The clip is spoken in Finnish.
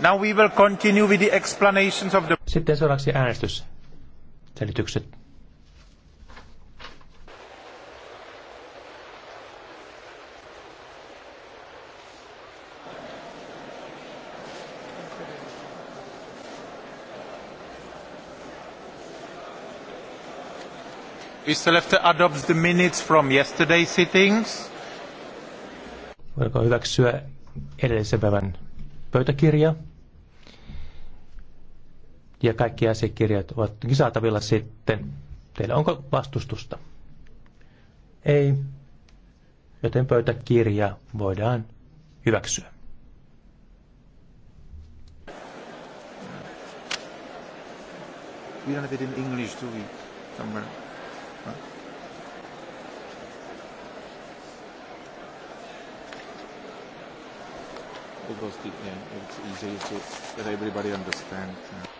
Now we will continue with the explanations of the... Sitten seuraavaksi äänestys. Selitykset. Ystävät adopts the minutes from yesterday's sittings. Voiko hyväksyä edellisen päivän pöytäkirja. Ja kaikki asiakirjat ovat saatavilla sitten. Teillä onko vastustusta? Ei. Joten pöytäkirja voidaan hyväksyä. We don't have it in English, do we? Somewhere. Huh? because it, yeah, it's easier to, that everybody understands. Yeah. Uh,